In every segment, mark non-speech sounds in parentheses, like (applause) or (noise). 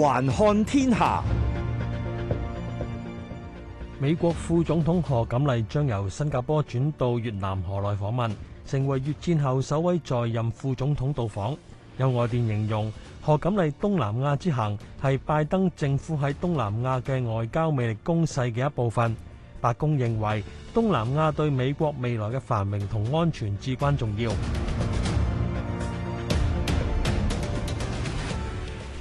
環看天下，美國副總統賀錦麗將由新加坡轉到越南河內訪問，成為越戰後首位在任副總統到訪。有外電形容，賀錦麗東南亞之行係拜登政府喺東南亞嘅外交魅力攻勢嘅一部分。白宮認為，東南亞對美國未來嘅繁榮同安全至關重要。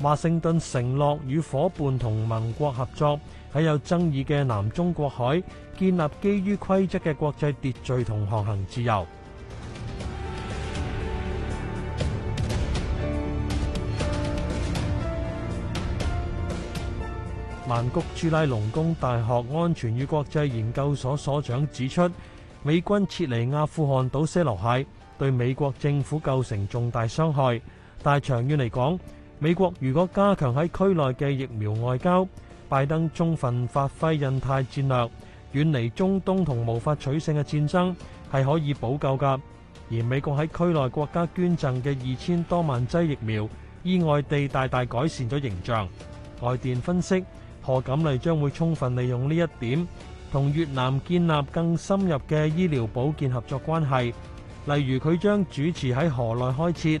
華盛頓承諾與伙伴同盟國合作，喺有爭議嘅南中國海建立基於規則嘅國際秩序同航行自由。曼 (music) 谷朱拉隆功大學安全與國際研究所所長指出，美軍撤離阿富汗島塞羅蟹對美國政府構成重大傷害，但係長遠嚟講，美國如果加強喺區內嘅疫苗外交，拜登充分發揮印太戰略，遠離中東同無法取勝嘅戰爭，係可以補救㗎。而美國喺區內國家捐贈嘅二千多萬劑疫苗，意外地大大改善咗形象。外電分析，賀錦麗將會充分利用呢一點，同越南建立更深入嘅醫療保健合作關係，例如佢將主持喺河內開設。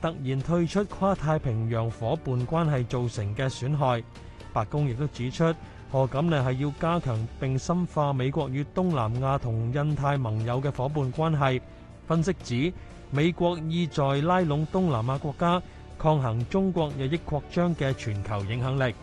突然退出跨太平洋夥伴關係造成嘅損害，白宮亦都指出，賀錦麗係要加強並深化美國與東南亞同印太盟友嘅夥伴關係。分析指，美國意在拉攏東南亞國家，抗衡中國日益擴張嘅全球影響力。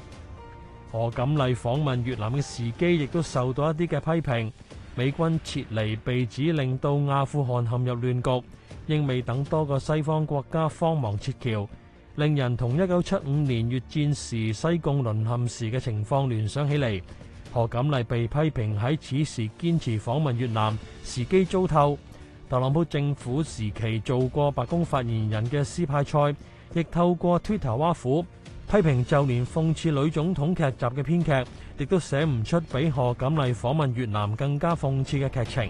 賀錦麗訪問越南嘅時機亦都受到一啲嘅批評，美軍撤離被指令到阿富汗陷入亂局。仍美等多個西方國家慌忙撤僑，令人同一九七五年越戰時西貢淪陷時嘅情況聯想起嚟。賀錦麗被批評喺此時堅持訪問越南，時機糟透。特朗普政府時期做過白宮發言人嘅斯派塞，亦透過 Twitter 挖苦，批評就連諷刺女總統劇集嘅編劇，亦都寫唔出比賀錦麗訪問越南更加諷刺嘅劇情。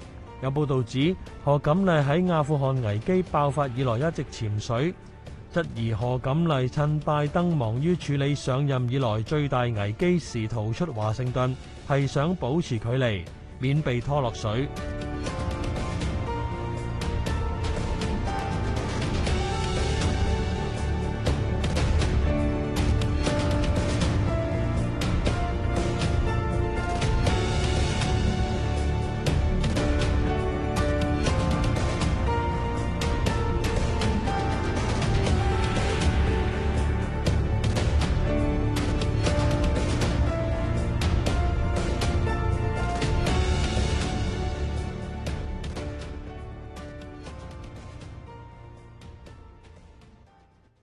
有報道指，賀錦麗喺阿富汗危機爆發以來一直潛水，質疑賀錦麗趁拜登忙於處理上任以來最大危機時逃出華盛頓，係想保持距離，免被拖落水。